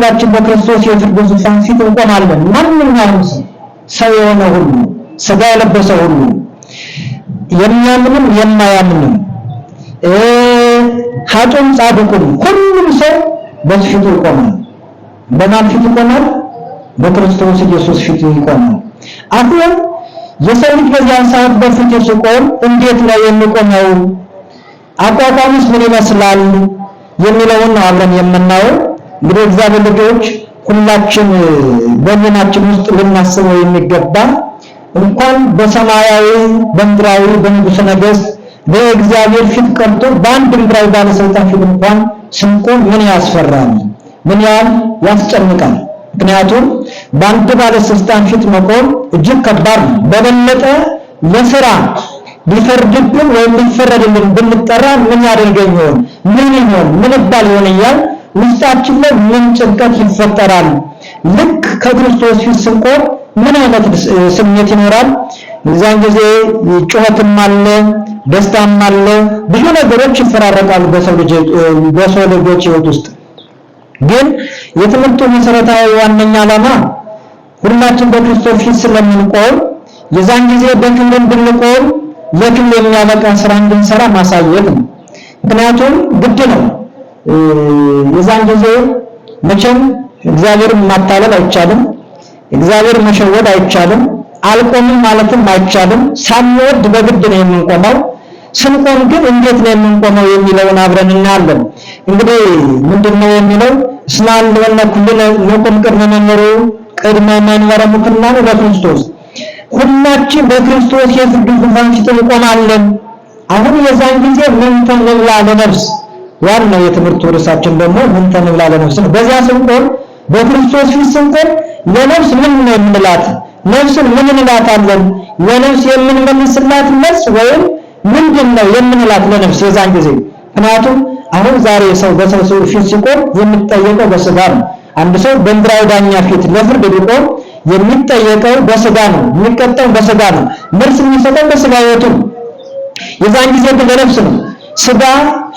ሁላችን በክርስቶስ የፍርድ ዙፋን ፊት እንቆማለን። ማንኛውም ሰው ሰው የሆነ ሁሉ ስጋ የለበሰ ሁሉ የሚያምንም የማያምንም ሀጡም ጻድቁም ሁሉም ሰው በፊቱ ይቆማል። በማን ፊት ይቆማል? በክርስቶስ ኢየሱስ ፊት ይቆማል። አሁን የሰው ልጅ በዚያን ሰዓት በፊቱ ሲቆም እንዴት ነው የሚቆመው? አቋቋሙስ ምን ይመስላል የሚለውን አብረን የምናየው። እንግዲህ እግዚአብሔር ልጆች ሁላችን በልናችን ውስጥ ልናስበው የሚገባ እንኳን በሰማያዊ በምድራዊ በንጉሠ ነገሥት በእግዚአብሔር ፊት ቀርቶ በአንድ ምድራዊ ባለስልጣን ፊት እንኳን ስንቆም ምን ያስፈራል? ምን ያህል ያስጨንቃል? ምክንያቱም በአንድ ባለስልጣን ፊት መቆም እጅግ ከባድ ነው። በበለጠ ለስራ ሊፈርድብን ወይም ሊፈረድልን ብንጠራ ምን ያደርገኝ ይሆን? ምን ይሆን? ምን ይባል ይሆን እያል ውስጣችን ላይ ምን ጭንቀት ይፈጠራል? ልክ ከክርስቶስ ፊት ስንቆም ምን አይነት ስሜት ይኖራል? እዛን ጊዜ ጩኸትም አለ፣ ደስታም አለ፣ ብዙ ነገሮች ይፈራረቃሉ በሰው ልጆች ህይወት ውስጥ። ግን የትምህርቱ መሰረታዊ ዋነኛ ዓላማ ሁላችን በክርስቶስ ፊት ስለምንቆም የዛን ጊዜ በክብር እንድንቆም ለክብር የሚያበቃ ስራ እንድንሰራ ማሳየት ነው። ምክንያቱም ግድ ነው የዛን ጊዜ መቼም እግዚአብሔርን ማታለል አይቻልም፣ እግዚአብሔር መሸወድ አይቻልም፣ አልቆምም ማለትም አይቻልም። ሳንወድ በግድ ነው የምንቆመው። ስንቆም ግን እንዴት ነው የምንቆመው የሚለውን አብረን እናያለን። እንግዲህ ምንድነው የሚለው እስናን ለወና ኩልነ ነቁም ቅድመ መንበሩ ቅድመ መንበረ ሙክናን ለክርስቶስ ሁላችን በክርስቶስ የፍርድ ዙፋን ፊት እንቆማለን። አሁን የዛን ጊዜ ምን ተመላ ለነፍስ ዋናው የትምህርቱ ርዕሳችን ደግሞ ምን ተንብላ ለነፍስ ነው። በዚያ ስንቆም በክርስቶስ ፊት ስንቆም ለነፍስ ምን ነው የምንላት? ነፍስን ምን እንላታለን? ለነፍስ የምንመልስላት መልስ ወይም ምንድን ነው የምንላት ለነፍስ የዛን ጊዜ? ምክንያቱም አሁን ዛሬ ሰው በሰው ሰው ፊት ሲቆም የሚጠየቀው በስጋ ነው። አንድ ሰው በምድራዊ ዳኛ ፊት ለፍርድ ቢቆም የሚጠየቀው በስጋ ነው። የሚቀጠው በስጋ ነው። መልስ የሚሰጠው በስጋ ሕይወቱ። የዛን ጊዜ ግን ለነፍስ ነው ስጋ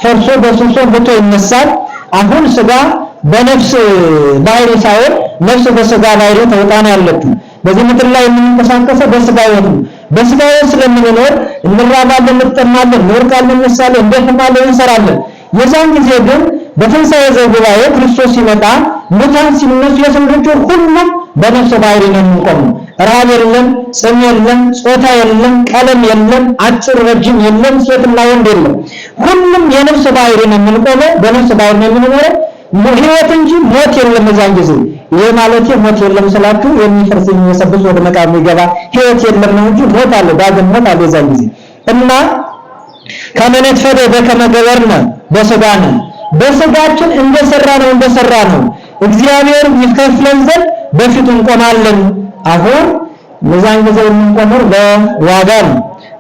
ፈርሶ በስብሶ ብቶ ይነሳል። አሁን ስጋ በነፍስ ባህሪ ሳይሆን ነፍስ በስጋ ባህሪ ተውጣን ያለችው በዚህ ምድር ላይ የምንንቀሳቀሰው በስጋ ወት ነው። በስጋ ወት ስለምንኖር እንራባለን፣ እንጠማለን፣ እንወርቃለን፣ እንነሳለን፣ እንደክማለን፣ እንሰራለን። የዛን ጊዜ ግን በትንሣኤ ዘጉባኤ ክርስቶስ ሲመጣ ሙታን ሲነሱ የሰው ልጆች ሁሉም በነፍስ ባህሪ ነው የምንቆመው። ረሃብ የለም፣ ጽም የለም፣ ጾታ የለም፣ ቀለም የለም፣ አጭር ረጅም የለም፣ ሴትና ወንድ የለም። ሁሉም የነፍስ ባህሪ ነው የምንቆመው፣ በነፍስ ባህሪ ነው የምንኖረው። ህይወት እንጂ ሞት የለም። እዛን ጊዜ ይህ ማለት ሞት የለም ስላችሁ የሚፈርስ የሚበሰብስ ወደ መቃብር የሚገባ ህይወት የለም ነው እንጂ ሞት አለ፣ ዳግም ሞት አለ የዛን ጊዜ እና ከመነት ፈደ በከመገበርነ በስጋ ነው በስጋችን እንደሰራ ነው እንደሰራ ነው እግዚአብሔር ይከፍለን ዘንድ በፊቱ እንቆማለን። አሁን ምዛን ጊዜ የምንቆመው በዋጋ ነው።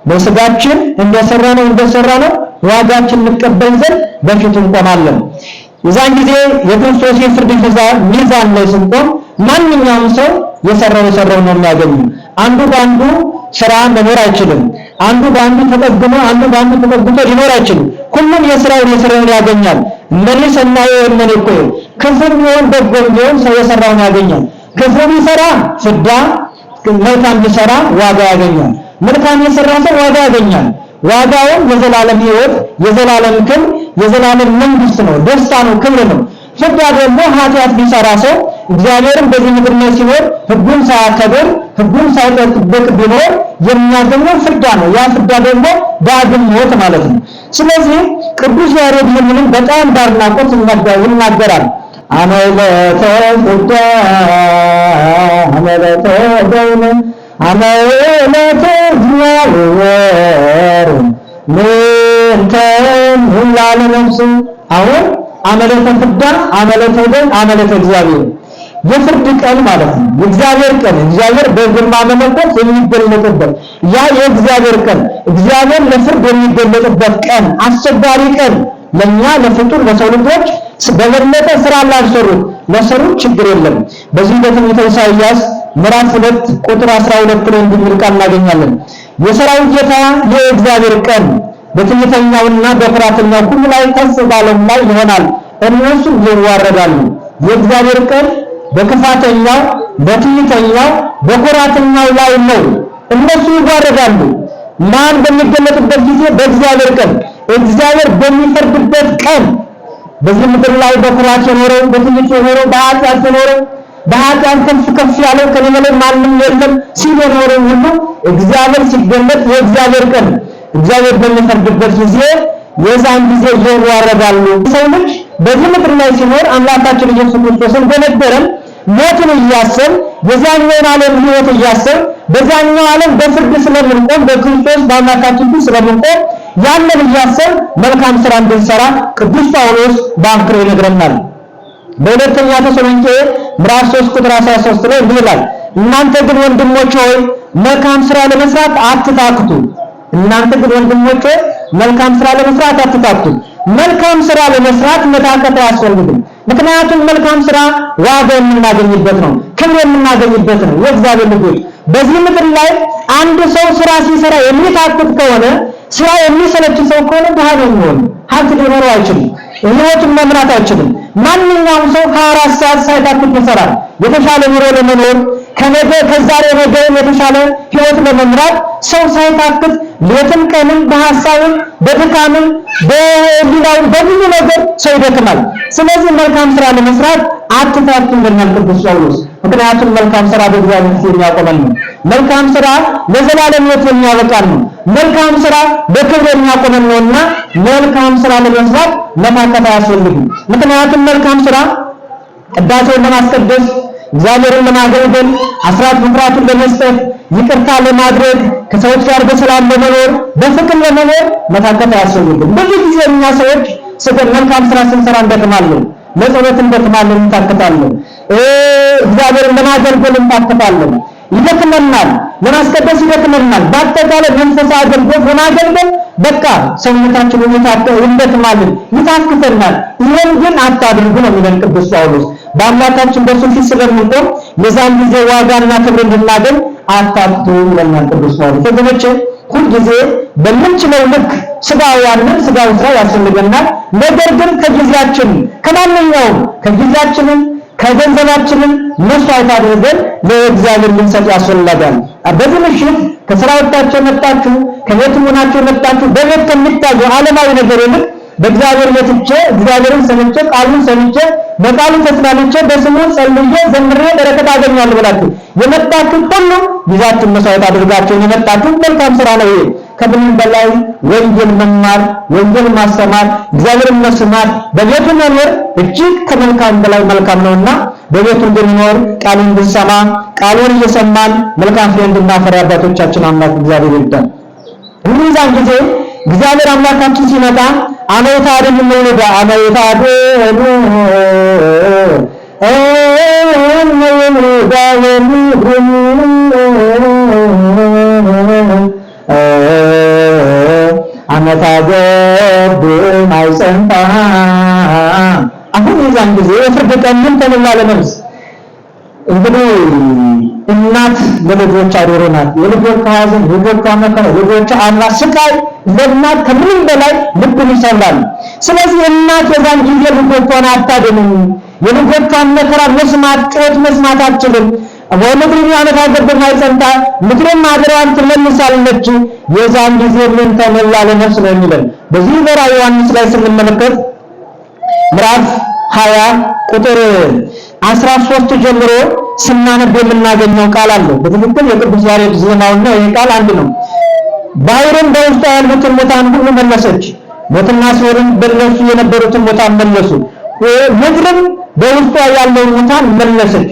በስጋችን እንደሰራ ነው እንደሰራ ነው ዋጋችን እንቀበል ዘንድ በፊቱ እንቆማለን። የዛን ጊዜ የክርስቶስ የፍርድ ሚዛን ላይ ስንቆም ማንኛውም ሰው የሰራው የሰራው ነው የሚያገኙ። አንዱ በአንዱ ስራ መኖር አይችልም። አንዱ በአንዱ ተጠግሞ አንዱ በአንዱ ተጠግቶ ሊኖር አይችልም። ሁሉም የስራውን የስራውን ያገኛል። መሪ ሰናየ መሪ እኮ ክፉም ይሁን በጎም ይሁን ሰው የሰራውን ያገኛል። ክፉ ቢሰራ ፍዳ፣ መልካም ቢሰራ ዋጋ ያገኛል። መልካም የሰራ ሰው ዋጋ ያገኛል። ዋጋውም የዘላለም ሕይወት፣ የዘላለም ክብር፣ የዘላለም መንግስት ነው፣ ደስታ ነው፣ ክብር ነው። ፍዳ ደግሞ ኃጢአት ቢሰራ ሰው እግዚአብሔርም በዚህ ምድር ላይ ሲኖር ህጉን ሳያከብር ህጉን ሳይጠብቅ ቢኖር የሚያገኘው ፍዳ ነው። ያ ፍዳ ደግሞ ዳግም ሞት ማለት ነው። ስለዚህ ቅዱስ ያሬድ ይህንን በጣም ዳርና ቁርጥ ይናገራል። አመለተ አሁን አመለተ ፍዳ አመለተ ደይን አመለተ እግዚአብሔር የፍርድ ቀን ማለት ነው። የእግዚአብሔር ቀን እግዚአብሔር በግርማ መለኮት የሚገለጥበት ያ የእግዚአብሔር ቀን እግዚአብሔር ለፍርድ የሚገለጥበት ቀን፣ አስቸጋሪ ቀን ለኛ ለፍጡር ለሰው ልጆች በበለጠ ስራ ላልሰሩት ለሰሩ ችግር የለም። በዚህ በትንቢተ ኢሳይያስ ምዕራፍ 2 ቁጥር 12 ላይ እንዲል ቃል እናገኛለን። የሰራዊት ጌታ የእግዚአብሔር ቀን በትዕቢተኛውና በኩራተኛው ሁሉ ላይ ከፍ ባለው ላይ ይሆናል፣ እነሱ ይዋረዳሉ። የእግዚአብሔር ቀን በክፋተኛው፣ በትዕቢተኛው፣ በኩራተኛው ላይ ነው፣ እነሱ ይዋረዳሉ። ማን በሚገለጥበት ጊዜ? በእግዚአብሔር ቀን፣ እግዚአብሔር በሚፈርድበት ቀን በዚህ ምድር ላይ በኩራት የኖረው በዚህ ልጅ የኖረው በኃጢአት የኖረው በኃጢአት ከፍ ከፍ ያለው ከኔ በላይ ማንም የለም ሲል የኖረው ሁሉ እግዚአብሔር ሲገለጥ የእግዚአብሔር ቀን እግዚአብሔር በሚፈርድበት ጊዜ የዛን ጊዜ ዞር ያደርጋሉ። ሰው ልጅ በዚህ ምድር ላይ ሲኖር አምላካችን ኢየሱስ ክርስቶስን በነበረም ሞትን እያሰብ የዛኛውን ዓለም ህይወት እያሰብ በዛኛው ዓለም በፍርድ ስለምንቆም በክርስቶስ በአምላካችን ስለምንቆም ያንን እያሰብ መልካም ስራ እንድንሰራ ቅዱስ ጳውሎስ በአንክሮ ይነግረናል። በሁለተኛ ተሰሎንቄ ምዕራፍ 3 ቁጥር 13 ላይ እንዲህ ይላል፣ እናንተ ግን ወንድሞች ሆይ መልካም ስራ ለመስራት አትታክቱ። እናንተ ግን ወንድሞች ሆይ መልካም ስራ ለመስራት አትታክቱ። መልካም ስራ ለመስራት መታከት አያስፈልግም። ምክንያቱም መልካም ስራ ዋጋ የምናገኝበት ነው፣ ክብር የምናገኝበት ነው። የእግዚአብሔር ልጆች በዚህ ምድር ላይ አንድ ሰው ስራ ሲሰራ የሚታክት ከሆነ ስራ የሚሰለችን ሰው ከሆነ ድሃ ነው የሚሆን። ሀብት ሊኖረው አይችልም። ህይወቱን መምራት አይችልም። ማንኛውም ሰው 24 ሰዓት ሳይታክት ይሰራል የተሻለ ኑሮ ለመኖር ከነገ ከዛሬ ነገ የተሻለ ህይወት ለመምራት ሰው ሳይታክት ሌትም ቀንም በሐሳብም በድካምም በሊላውም በብዙ ነገር ሰው ይደክማል። ስለዚህ መልካም ስራ ለመስራት አትታክቱ እንደናል ቅዱስ ጳውሎስ። ምክንያቱም መልካም ስራ በእግዚአብሔር የሚያቆመን ነው። መልካም ስራ ለዘላለም ህይወት የሚያበቃን ነው። መልካም ስራ በክብር የሚያቆመን ነውና መልካም ስራ ለመስራት መታከት አያስፈልግም። ምክንያቱም መልካም ስራ ቅዳሴውን ለማስቀደስ እግዚአብሔርን ለማገልገል አስራት መፍራቱን ለመስጠት ይቅርታ ለማድረግ ከሰዎች ጋር በሰላም ለመኖር በፍቅር ለመኖር መታከት አያስፈልግም። ብዙ ጊዜ እኛ ሰዎች ስለ መልካም ስራ ስንሰራ እንደክማለን፣ ለጸሎት እንደክማለን፣ እንታከታለን። እግዚአብሔርን ለማገልገል እንታከታለን። ይደክመናል፣ ለማስቀደስ ይደክመናል። በአጠቃላይ መንፈሳ አገልግሎት ለማገልገል በቃ ሰውነታችን ይደክማል፣ ይታክተናል። ይህን ግን አታድርጉ ነው የሚለን ቅዱስ ጳውሎስ። በአምላካችን በእርሱ ፊት ስለምንቆም የዛን ጊዜ ዋጋና ክብር እንድናገኝ አታፍቱ ይለናል ቅዱስ ጳውሎስ። ወገኖቼ ሁልጊዜ በምንችለው ልክ ስጋዋንን ስጋው ስራ ያስፈልገናል። ነገር ግን ከጊዜያችን ከማንኛውም ከጊዜያችንም ከገንዘባችንም መስዋዕት አድርገን ለእግዚአብሔር ልንሰጥ ያስፈልጋል። በዚህ ምሽት ከስራዎቻችሁ መጣችሁ፣ ከቤት ሆናችሁ መጣችሁ፣ በቤት ከሚታየው ዓለማዊ ነገር ይልቅ በእግዚአብሔር መጥቼ እግዚአብሔርን ሰምቼ ቃሉን ሰምቼ በቃሉ ተስማምቼ በስሙ ጸልዬ ዘምሬ በረከት አገኛለሁ ብላችሁ የመጣችሁ ሁሉ ጊዜያችሁን መስዋዕት አድርጋችሁ የመጣችሁ መልካም ስራ ነው። ይሄ ከምንም በላይ ወንጌል መማር፣ ወንጌል ማስተማር፣ እግዚአብሔርን መስማት፣ በቤቱ መኖር እጅግ ከመልካም በላይ መልካም ነውና በቤቱ እንድንኖር ቃሉን እንድንሰማ ቃሉን እየሰማን መልካም ፍሬ እንድናፈራ አባቶቻችን አምላክ እግዚአብሔር ይርዳን። ሁሉ ዛን ጊዜ እግዚአብሔር አምላካችን ሲመጣ አመይታድግ ምንዳ አመይታድግ አሁን የዛን ጊዜ የፍርድ ቀን ምን ተሞላ ለነብስ እንግዲህ እናት ለልጆቿ ዶሮ ናት። የልጆቿ ሐዘን፣ የልጆቿ መከራ፣ የልጆቿ አምራ ስቃይ ለእናት ከምንም በላይ ልብን ይሰብራል። ስለዚህ እናት በዛን ጊዜ ልጆቿን አታድንም። የልጆቿን መከራ መስማት ጩኸት መስማት አትችልም። ወምድርን ዓመት አገብር አይጸንታ ምድርን ማደሪያን ትመልሳለች። የዛን ጊዜ ምን ተመላ ለነፍስ ነው የሚለን በዚህ በራዕየ ዮሐንስ ላይ ስንመለከት ምዕራፍ 20 ቁጥር 13 ጀምሮ ስናነብ የምናገኘው ቃል አለ። በትክክል የቅዱስ ያሬድ ዜማውና ይህ ቃል አንድ ነው። ባህርን በውስጧ ያሉትን ሙታን ሁሉ መለሰች። ሞትና ሲኦልም በእነሱ የነበሩትን ሙታን መለሱ። ምድርም በውስጧ ያለውን ሙታን መለሰች።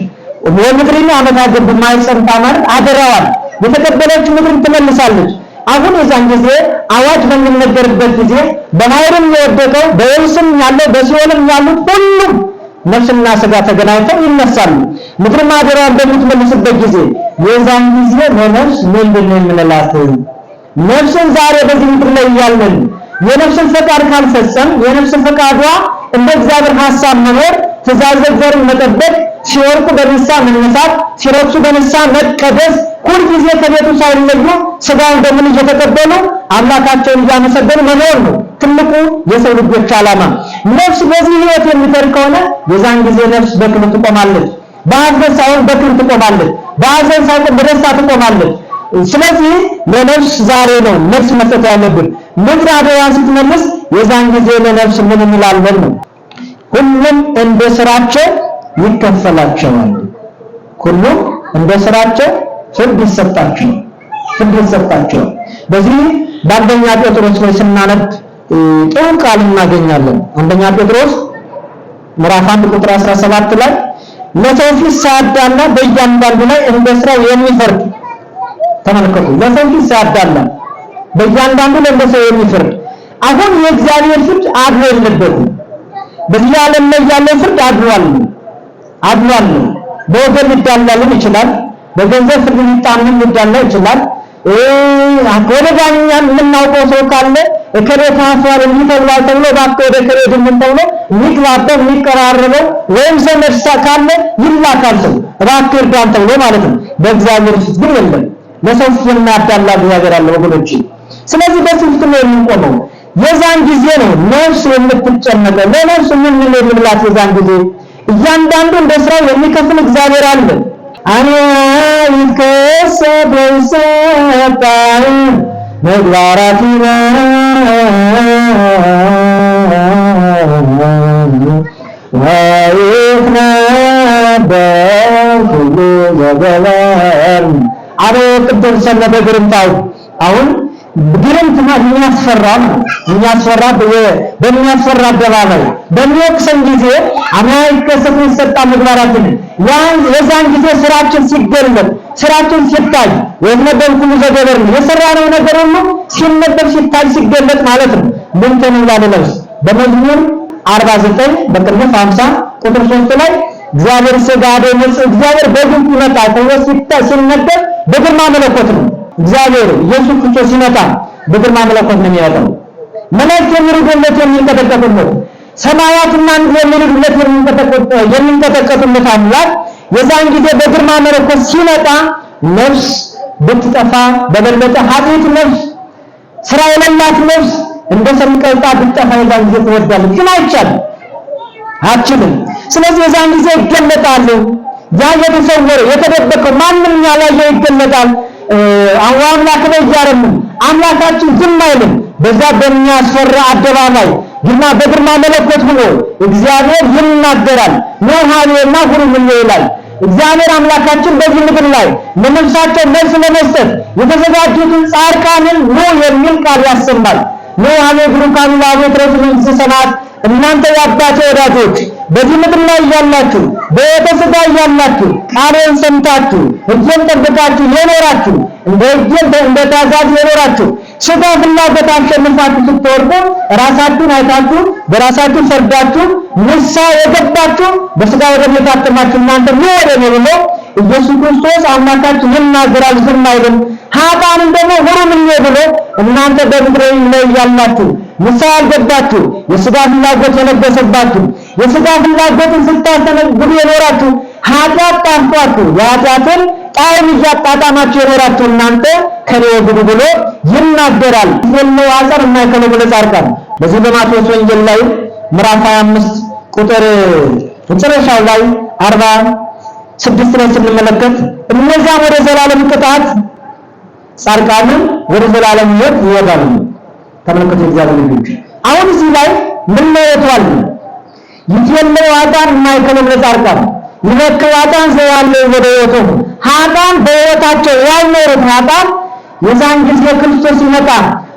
የምድርን ዓመት አገብ ማይጸንታ ማለት አደራዋል የተቀበለች ምድርን ትመልሳለች። አሁን የዛን ጊዜ አዋጅ በሚነገርበት ጊዜ በባህርም የወደቀው በየብስም ያለው በሲኦልም ያሉት ሁሉም ነፍስና ስጋ ተገናኝተው ይነሳሉ። ምድር ማደራዋን በምትመልስበት ጊዜ የዛን ጊዜ ለነፍስ ምንድን ነው የምንላት? ነፍስን ዛሬ በዚህ ምድር ላይ እያለን የነፍስን ፈቃድ ካልፈጸም የነፍስን ፈቃዷ እንደ እግዚአብሔር ሐሳብ መኖር፣ ትእዛዝ እግዚአብሔርን መጠበቅ፣ ሲወርቁ በንሳ መነሳት፣ ሲረክሱ በንሳ መቀደስ፣ ሁልጊዜ ከቤቱ ሳይለዩ ስጋውን ደሙን እየተቀበሉ አምላካቸውን እያመሰገኑ መኖር ነው ትልቁ የሰው ልጆች ዓላማ። ነፍስ በዚህ ህይወት የሚፈር ከሆነ የዛን ጊዜ ነፍስ በክብር ትቆማለች፣ በሐዘን ሳይሆን በክብር ትቆማለች፣ በሐዘን ሳይሆን በደስታ ትቆማለች። ስለዚህ ለነፍስ ዛሬ ነው ነፍስ መስጠት ያለብን። ምድር አደዋን ስትመልስ የዛን ጊዜ ለነፍስ ምን እንላለን ነው ሁሉም እንደ ስራቸው ይከፈላቸዋል። ሁሉም እንደ ስራቸው ፍርድ ይሰጣቸዋል። ፍርድ ይሰጣቸዋል። በዚህ በአንደኛ ጴጥሮስ ላይ ስናነብ ጥሩ ቃል እናገኛለን። አንደኛ ጴጥሮስ ምዕራፍ 1 ቁጥር 17 ላይ ለሰው ፊት ሳያዳላ በእያንዳንዱ ላይ እንደ ስራው የሚፈርድ ተመልከቱ። ለሰው ልጅ ሳያዳለም በእያንዳንዱ ለሰው የሚፈርድ አሁን የእግዚአብሔር ፍርድ አድሮ የለበትም። በዚህ ዓለም ላይ ያለው ፍርድ አድሯል አድሯል። በወገን ሊዳላልም ይችላል። በገንዘብ ፍርድ ሊጣምም ሊዳላ ይችላል። ወደ ዳኛ የምናውቀው ሰው ካለ እከሌ ታስሯል እንዲህ ተብሏል ተብሎ እባክህ ወደ እከሌ ድምን ተብሎ የሚግባባው የሚቀራረበው ወይም ሰው መርሳ ካለ ይላካል ሰው እባክህ እርዳን ተብሎ ማለት ነው። በእግዚአብሔር ፊት ግን የለም። በሰው እናዳላ እግዚአብሔር አለ ወገኖች። ስለዚህ በስንፍት ነው የምንቆመው። የዛን ጊዜ ነው ነፍስ የምትጨነቀው። ለነፍስ ምን ምን ይብላት? የዛን ጊዜ እያንዳንዱ እንደ ስራው የሚከፍል እግዚአብሔር አለ። አኔ ይከሰብ ሰጣይ መግባራቲና ሁሉ ዘገላን አበየ ቅድም ሰነበ ግርምታው አሁን ግርምት ማለት ያስፈራል? የሚያስፈራ በሚያስፈራ አደባባይ በሚወቅሰን ጊዜ አምና ይከሰት የሚሰጣ ምግባራትን ያን የዛን ጊዜ ስራችን ሲገለጥ ስራችን ሲታይ ወይነበብ ሁሉ ዘገበር የሰራነው ነገር ሁሉ ሲነበብ ሲታይ ሲገለጥ ማለት ነው። ምን ተነላ በመዝሙር 49 በቅንፍ 50 ቁጥር 3 ላይ እግዚአብሔር ስጋ ደምጽ እግዚአብሔር በግንቱ መጣ ተብሎ ሲነገር በግርማ መለኮት ነው። እግዚአብሔር ኢየሱስ ክርስቶስ ሲመጣ በግርማ መለኮት ነው የሚመጣው። መላእክት የሚሩዱለት የሚንቀጠቀጡለት፣ ሰማያትና ምድር የሚሩዱለት የሚንቀጠቀጡለት አምላክ የዛን ጊዜ በግርማ መለኮት ሲመጣ ነፍስ ብትጠፋ በበለጠ ኃጢአት ነፍስ ስራ የሌላት ነፍስ እንደ ሰም ቀልጣ ብትጠፋ የዛን ጊዜ ትወርዳለች። ግን አይቻልም፣ አችልም ስለዚህ የዛን ጊዜ ይገለጣሉ። ያ የተሰወረ የተደበቀው ማንም ያላየው ይገለጣል። አሁን አምላክ ነው እያለን አምላካችን ዝም አይልም። በዛ በሚያስፈራ አደባባይ ግርማ በግርማ መለኮት ሆኖ እግዚአብሔር ይናገራል። ኖሃኔና ሁሉ ምን ይላል? እግዚአብሔር አምላካችን በዚህ ምድር ላይ ለነፍሳቸው መልስ ለመስጠት የተዘጋጁትን ጻድቃንን ኖ የሚል ቃል ያሰማል። ኖሃኔ ብሩካን ላቤት ረፍን እንስሰናት እናንተ የአባቴ ወዳጆች በዚህ ምድር ላይ እያላችሁ በሕይወተ ሥጋ እያላችሁ ቃሌን ሰምታችሁ ሕጌን ጠብቃችሁ የኖራችሁ እንደ ሕጌ እንደ ታዛዥ የኖራችሁ ሥጋ ፍላጎት አሸንፋችሁ ስትወርቁ ራሳችሁን አይታችሁ በራሳችሁ ፈርዳችሁ ንሳ የገባችሁ በሥጋ ወደብ የታተማችሁ እናንተ ምን ወደ ነው ብሎ ኢየሱስ ክርስቶስ አምላካችን ይናገራል፣ ዝም አይልም። ሀጣንም ደግሞ ሁሉ ምን ብሎ እናንተ በምድር ላይ ያላችሁ ንስሐ ያልገባችሁ የስጋ ፍላጎት የለበሰባችሁ የስጋ ፍላጎትን ስታስተነግዱ የኖራችሁ ኃጢአት ጣፍጧችሁ የኃጢአትን ጣዕም እያጣጣማችሁ የኖራችሁ እናንተ ከኔ ወግዱ ብሎ ይናገራል። የለው አጸር የማይከለው ብለ ጻርቃል። በዚህ በማቴዎስ ወንጌል ላይ ምዕራፍ 25 ቁጥር መጨረሻው ላይ 46 ላይ ስንመለከት እነዚያም ወደ ዘላለም ቅጣት ጻድቃንን ወደ ዘላለም ሕይወት ይወዳሉ። ተመልከቱ፣ የእግዚአብሔር ልጅ አሁን እዚህ ላይ ምን ለወቷል? ይትየለው ኃጥአን ማእከሎም ለጻድቃን ይመክር ኃጥአን ዘያለው ወደወቱ ኃጥአን በሕይወታቸው ያልኖሩት ኃጥአን የዛን ጊዜ ክርስቶስ ይመጣ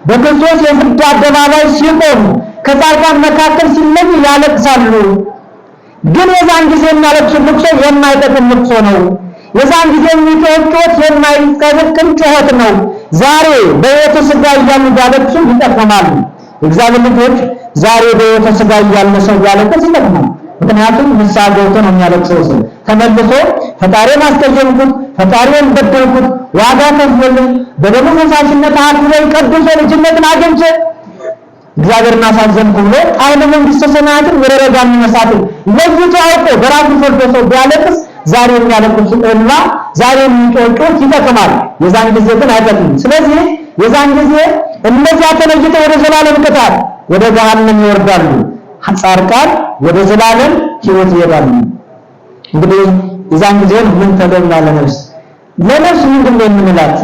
በክርስቶስ የፍርድ አደባባይ ሲቆም ከጻድቃን መካከል ሲለዩ ያለቅሳሉ። ግን የዛን ጊዜ የሚያለቅሱ ልቅሶ የማይጠቅም ልቅሶ ነው። የዛን ጊዜ የሚጮህ የማይጠብቅም ጩኸት ነው። ዛሬ በሕይወተ ሥጋ እያሉ እያለቀሱ ይጠቅማሉ። እግዚአብሔር ልጆች ዛሬ በሕይወተ ሥጋ እያለ ሰው እያለቀስ ይጠቅማል። ምክንያቱም ንስሐ ገብቶ ነው የሚያለቅሰው ሰው ተመልሶ ፈጣሪን አስቀየምኩት፣ ፈጣሪን በደልኩት፣ ዋጋ ከፍሎልኝ በደሙ ፈሳሽነት አክብሮኝ ቀድሶ ልጅነትን አግኝቼ እግዚአብሔርን አሳዘንኩ ብሎ ቃል መንግሥተ ሰማያትን ወደ የሚመሳትን ለይቶ አውቆ በራሱ ፈርዶ ሰው ቢያለቅስ ዛሬ የሚያለቁን እና ዛሬ የሚጮጩት ይጠቅማል፣ የዛን ጊዜ ግን አይጠቅምም። ስለዚህ የዛን ጊዜ እነዚያ ተለይተው ወደ ዘላለም ቅጣት ወደ ገሃነም ይወርዳሉ፣ ጻድቃን ወደ ዘላለም ሕይወት ይሄዳሉ። እንግዲህ የዛን ጊዜ ምን ተደምና ለነፍስ ለነፍስ ምንድን ነው የምንላት?